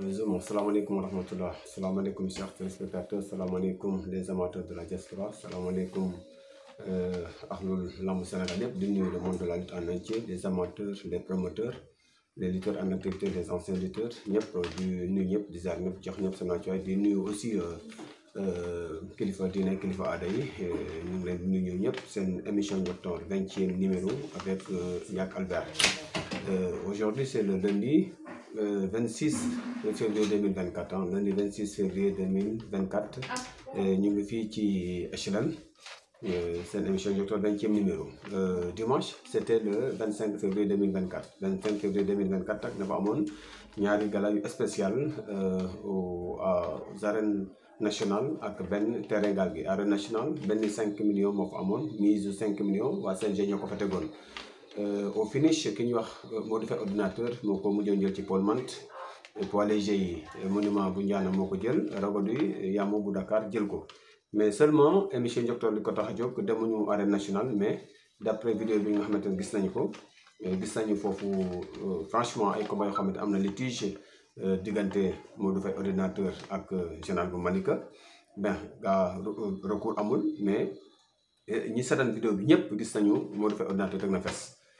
Euh, salam salaamaaleykum wa salam salaamaaleykum chers téléspectateurs salaamaaleykum les amateurs de la diaspora salaamaaleykum euh, ahlul lamb Sénégal yëpp di nuyu le monde de la lutte en entier les amateurs les promoteurs les lutteurs en activité les anciens lutteurs ñëpp di nuyu ñëpp di ziar ñëpp jox ñëpp seen wàccuwaay di nuyu aussi euh, kilifa diine kilifa aada yi ñu ngi leen di nuyu émission seen émission 20e numéro avec Ndiack Albert aujourd'hui c'est le lundi. 26 euh, février 2024 nous hein. lundi 26 février 2024 ah, euh, ñu ngi fii ci HLM euh, seen émission 20e numéro dimanche c'était le 25 février 2024 25 février 2024 nous avons amoon une gala spéciale spécial aux arènes nationales ak ben terrain galbi arène nationale Ben 5 millions moo ko amoon mise 5 millions wa sen ñoo ko Euh, au finish ki ñuy wax euh, moo defee ordinateur moo ko mujjoon jël ci Paul Mant poids léger yi monument bu Ndiana moo ko jël Ragadu euh, yi Yaamo bu Dakar jël ko mais seulement émission Joktor li ko tax a jóg demuñu arène national mais d' après bi nga xamante ne gis nañu ko gis nañu foofu franchement ay combat yoo xam ne am na litige diggante Modou Faye ordinateur ak général bu manika ben gaa recours amul mais ñi satan vidéo bi ñëpp gis nañu moo Faye ordinateur teg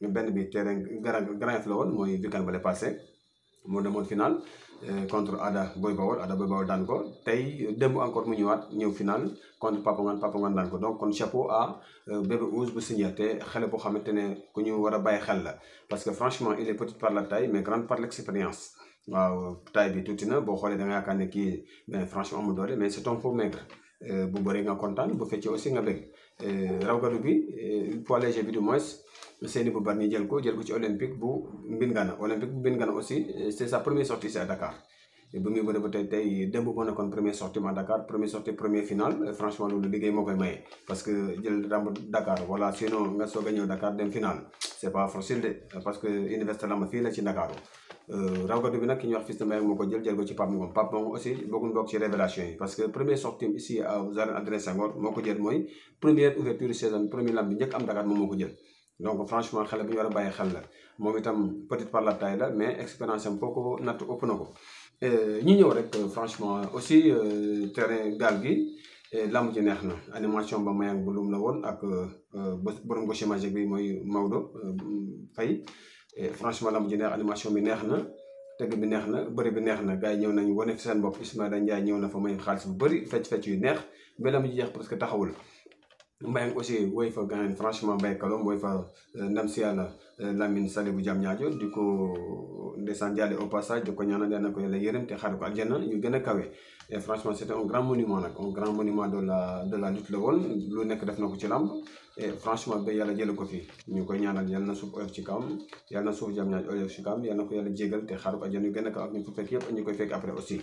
ben bi terrain grand grand la woon mooy weekend bale passé mon demoon final euh, contre Ada Boy Bawol Ada Boy Bawol daan ko tey démb encore mu ñëwaat ñëw final contre Papa Ngane Papa ko donc kon chapeau à euh, Bébé Ouz bu signé te xale boo xamante ku ñu wara a xel la parce que franchement il est petit par la taille mais grande par l'expérience waaw taille bi tuuti na boo xoolee da nga yaakaar ki mais franchement amul doole mais c'est un peu maigre euh, bu bëree nga contane bu fekkee aussi nga bëgg euh rawgadu bi poids léger bi du moins Seni Boubarni jël ko jël ko ci Olympique bu Mbingana Olympique kan eh, bu Mbingana aussi c'est sa première sortie c'est à Dakar bu muy bëre ba tey tey démb moo nekkoon premier sortie ma Dakar premier sortie premier final eh, franchement loolu liggéey moo koy maye parce que jël ramb Dakar voilà sinon nga soog a Dakar dem final c'est eh, pas facile de parce que université lamb fii la ci Dakar rawgatu bi nag ki ñuy wax fils de Mbaye moo ko jël jël ko ci Pape Ngom Pape Ngom aussi bokkul bokk ci révélation parce que premier sortie ici aux arènes Adrien Senghor moo ko jël première ouverture saison premier lamb bi am Dakar moom moo ko donc franchement xale bu ñu war a bàyyi xel la moom itam petite par la taille la mais expérience am foo ko natt ëpp na ko euh, ñu rek franchement aussi euh, terrain gaal gi euh, lamb ci neex na animation ba mayang bu lum la woon ak borom gauche magique bi mooy Maodo Faye franchement lamb ji neex animation bi neex na tëgg bi neex na bëri bi neex na gars yi ñëw nañu wane fi seen bopp na fa may bu fecc-fecc yu neex jeex taxawul Mbayang aussi woy fa gaañ franchement Mbaye Kalom woy fa euh, ndam si yàlla euh, Lamine Salibu jam ñaajo di ko ndeysaan jaale au passage di ko ñaanal yàlla na ko yàlla yërëm te xaaru ko aljanna ñu gën a kawe et franchement c' était un grand monument la nekk def na ko ci làmb et franchement ba yàlla ko fi ñu koy ñaanal yàlla na suuf oyof ci kawam yàlla na suuf jam ñaaj oyof ci kawam yàlla na ko yàlla jégal te xaaru ko aljanna ñu gën a ak ñu fekk yëpp ñu koy fekk après aussi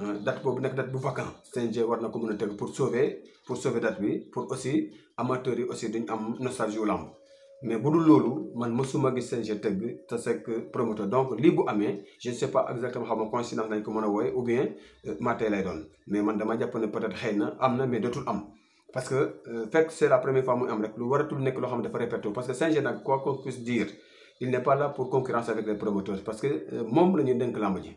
Euh, date bobu nek date bu vacant CNG war na ko mën pour sauver pour sauver date bi pour aussi amateur yi aussi dañ am nostalgie wu lamb mais budul lolu man mësuma gis CNG tëgg te sekk promoteur donc li bu amé je ne sais pas exactement xam nga coïncidence lañ ko meuna woy ou bien euh, maté lay don mais man dama jàpp ne peut-être xeyna amna mais dootul am parce que que euh, c'est la première fois muy am rek lu waratul nek lo xam ne dafa répété parce que CNG nak quoi qu'on puisse dire il n'est pas là pour concurrence avec les promoteurs parce que moom la ñuy dénk lamb ji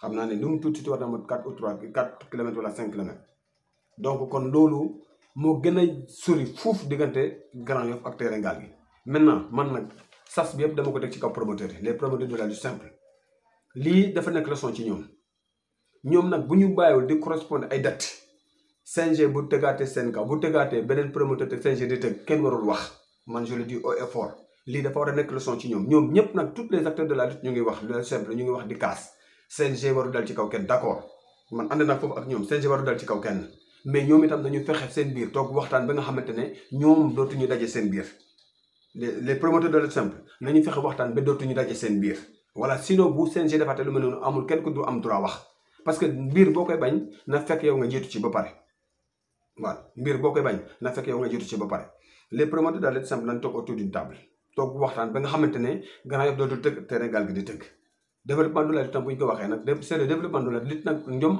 xamna naa num lu mu tuuti war na mot quatre ou trois quatre kilomètres wala 5 km donc kon lolu mo gëna sori fouf diggante Grand yof ak terrain gal yi maintenant man nag sas bi yëpp dama ko tek ci kaw promoteur les promoteurs de la lutte simple li dafa nek leçon ci ñom ñom nak bu ñu bàyyiwul di correspondre ay date CNG bu tëgaatee sen kaw bu tëgaatee benen promoteur te CNG di tëg kenn warul wax man je le dis au effort li dafa war nek leçon ci ñom ñom ñëpp nak toutes les acteurs de la lutte ñu ngi wax le simple ñu ngi wax di casse CNG waru dal ci kaw kenn d'accord man ànd naa foofu ak ñoom CNG waru dal ci kaw kenn mais ñoom itam nañu fexe seen biir toog waxtaan ba nga xamante ne ñoom dootuñu daje seen biir les les promoteurs de lutte simple nañu fexe waxtaan ba dootuñu daje seen biir. voilà sinon bu CNG defaatee lu mel noonu amul kenn du am droit wax parce que mbir boo koy bañ na fekk yow nga jiitu ci ba pare voilà boo koy bañ na fekk yow nga jiitu ci ba pare les promoteurs de lutte simple nañ toog autour d'une table toog waxtaan ba nga xamante ne Grand Yoff dootul tëgg terrain Gaal gi di tëgg. développement du laaj tam bu ñu ko waxee nag c'est le développement du laaj nit nag ñoom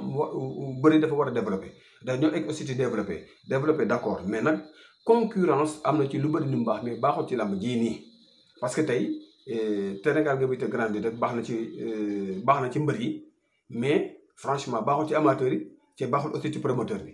bëri dafa war a développé dañoo egg aussi di développé développé d'accord mais nag concurrence am na ci lu bëri ni mu mais baaxul ci làmb jii nii parce que tey euh, Sénégal nga bi te grandi rek baax na ci euh, baax na ci mbër yi mais franchement baaxul ci amateur yi ci baaxul aussi ci promoteur bi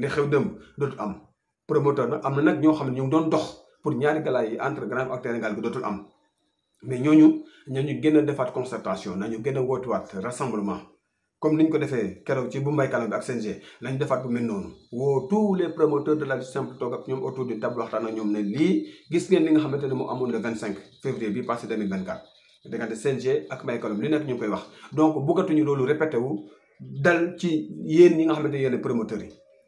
li xew dem dootul am promoteur nag am na nag ñoo xam ne ñu ngi doon dox pour ñaari gala yi entre Grand ak Sénégal bi dootul am mais ñooñu ñooñu gën a defaat concertation nañu gën a wootuwaat rassemblement comme niñ ko defee keroog ci bu mbay kalam bi ak CNG lañu defaat bu mel noonu woo tous les promoteurs de la lutte simple toog ak ñoom autour d'une table waxtaan ak ñoom ne lii gis ngeen li nga xamante ne moo amoon le 25 février bi passé 2024 diggante CNG ak mbay kalam li nekk ñu koy wax donc bëggatuñu loolu répété wu dal ci yéen ñi nga xamante ne yéen promoteurs yi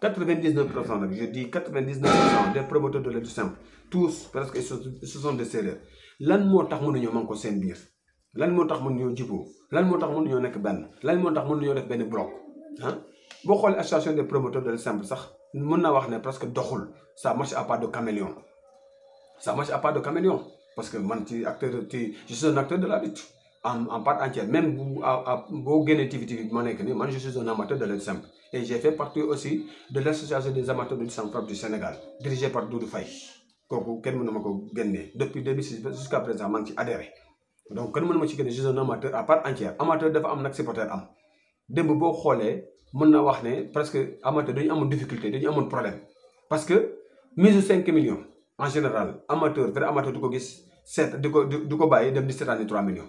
99 je dis 99 des promoteurs de lutte simple tous presque ce sont des Sérères lan motax tax mënuñoo man ko seen biir lan motax tax mënuñoo jiboo lan motax tax mënuñoo nekk benn lan motax tax mënuñoo def ben bloc hein bo xol association des promoteurs de l'ensemble simple sax mën naa wax ne presque doxul ça marche à pas de caméléon ça marche à pas de caméléon parce que man ci acteur ci je suis un acteur de la lutte en, part entière. Même vous, vous gagnez des moi je suis un amateur de l'ensemble simple. Et j'ai fait partie aussi de l'association des amateurs de l'ensemble simple du Sénégal, dirigée par Doudou Faye. Depuis 2006 jusqu'à présent, je suis adhéré. Donc, je suis je suis un amateur à part entière. Amateur dafa am nak supporter am. Demb bo xolé mën na wax né presque amateur dañu amone difficulté, a amone problème. Parce que mise 5 millions en général, amateur, vrai amateur du ko gis, 7 du 17 ans 3 millions.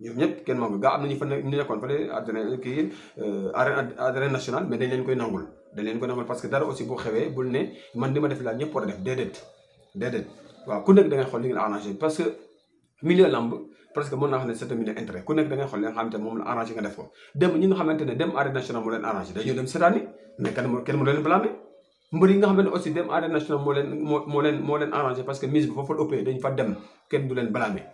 ñoom ñëpp kenn moom gaa am na ñu fa ñu nekkoon fa adré kii euh, arène arène nationale mais dañ leen koy nangul dañ leen koy nangul parce que dara aussi bu xewee bul ne man li ma def laa ñëpp war a def déedéet déedéet waaw ku nekk da ngay xool li ngeen arrangé parce que milieu lamb presque mën naa xam ne c'est milieu intérêt ku nekk da ngay xool li nga xamante moom la arrangé nga def ko dem ñi nga xamante ne dem arène nationale moo leen arrangé dañoo dem seetaani mais kenn kenn mënu leen blâmer mbër yi nga xamante aussi dem arène nationale moo leen moo leen moo leen arrangé parce que mise bi foofu la ëppee dañ fa dem kenn du leen blâmer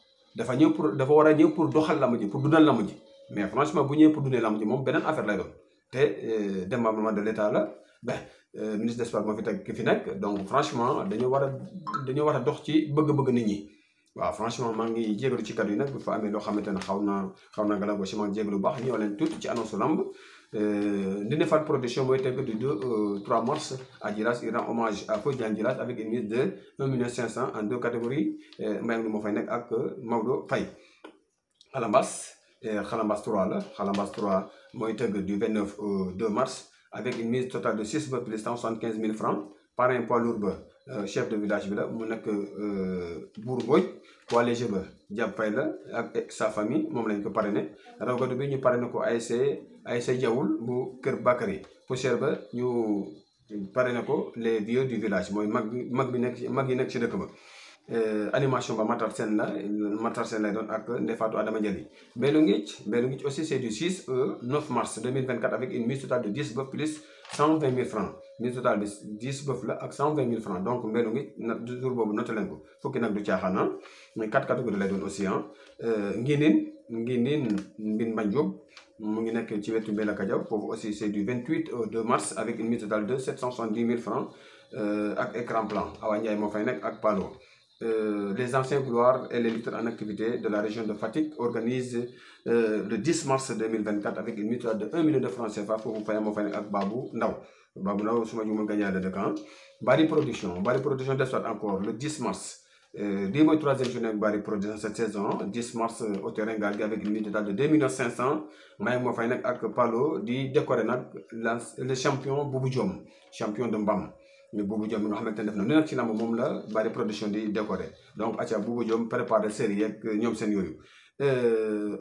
dafa ñëw pour dafa war a ñëw pour doxal lamb ji pour dundal lamb ji mais franchement bu ñëwee pour dundee lamb ji moom beneen affaire lay doon te euh, démembrement de l'État la ben euh, ministre des sports moo fi teg ki fi nekk donc franchement dañu war a dañoo war a dox ci bëgg-bëgg nit ñi. waaw franchement maa ngi jégalu ci kàddu yi nag bu fa amee loo xamante ne xaw naa xaw naa gàllankoor si maa ngi jégalu bu baax ñëw tuuti ci annonce lamb euh, Nous avons fait protection mooy de 2-3 mars à Diras, il rend hommage à Fodja Djilas avec une mise de 1 500 en deux catégories euh, Mbayang moo fay nekk ak euh, Maodo 3 la 3 du 29 au 2 mars avec une mise totale de 6 ba plus 175 000 francs parrain poids lourd chef de village bi la mu bourgogne Bour léger Diab avec sa famille moom lañ parrainé rawgadu bi ñu parrainé ko ASC ay sa jawul bu keur Bakary poussière ba ñu paré nako les vieux du village moy mag mag bi nek mag yi nek ci dëkk ba euh, animation ba Matar Sen la Matar Sen lay doon ak Ndefatou Adama Ndiaye Bellu Nguithie Bellu aussi c'est du 6 au 9 mars 2024 avec une mise totale de 10 bœufs plus 120 000 francs mise totale de 10 bœufs la ak 120 000 francs donc Bellu Nguithie na jour langue noté len ko fukki nak du ah. mais 4 catégories lay aussi ah. euh Nguindine Mbinba ngi ci aussi c'est du 28 au 2 mars avec une mise totale de 770 000 francs euh, avec écran plan Awa Ndiaye Palo. Euh, les anciens couloirs et les lutteurs en activité de la région de Fatik organisent euh, le 10 mars 2024 avec une mise totale de 1 million de francs CFA pour Mofanek moo fay ak Babou Ndaw Babou Ndaw gagné de camp Bari production Bari production de encore le 10 mars lii euh, 3 troisième journée bu Bari Production cette saison 10 hein, mars euh, au terrain Galga avec une mise de 2500. millions 500 fay ak Palo di décorer le champion Boubou Diom champion de Mbam mais Boubou Diom mi nga xamante ne def na lu nekk la Bari Production di décorer donc atia Boubou Diom la série avec euh, ñoom seen yooyu.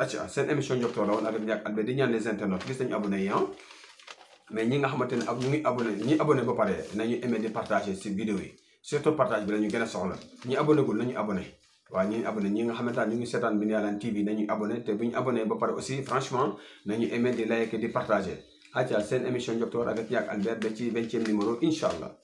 atia émission de la woon avec Ndiaye Albé les internautes qui sont abonné ah. mais nous avons xamante ne abonné ñi abonné ba aimé partager cette vidéo surtout partage bi lañu gëna a soxla ñi abonné gul lañu abonné wa ñi abonné ñi nga xamantani ne ñu vous seetaan Mbine TV nañu abonné té buñu abonné ba aussi franchement nañu aimer di like di partager émission docteur avec Albert ci 20e numéro inshallah.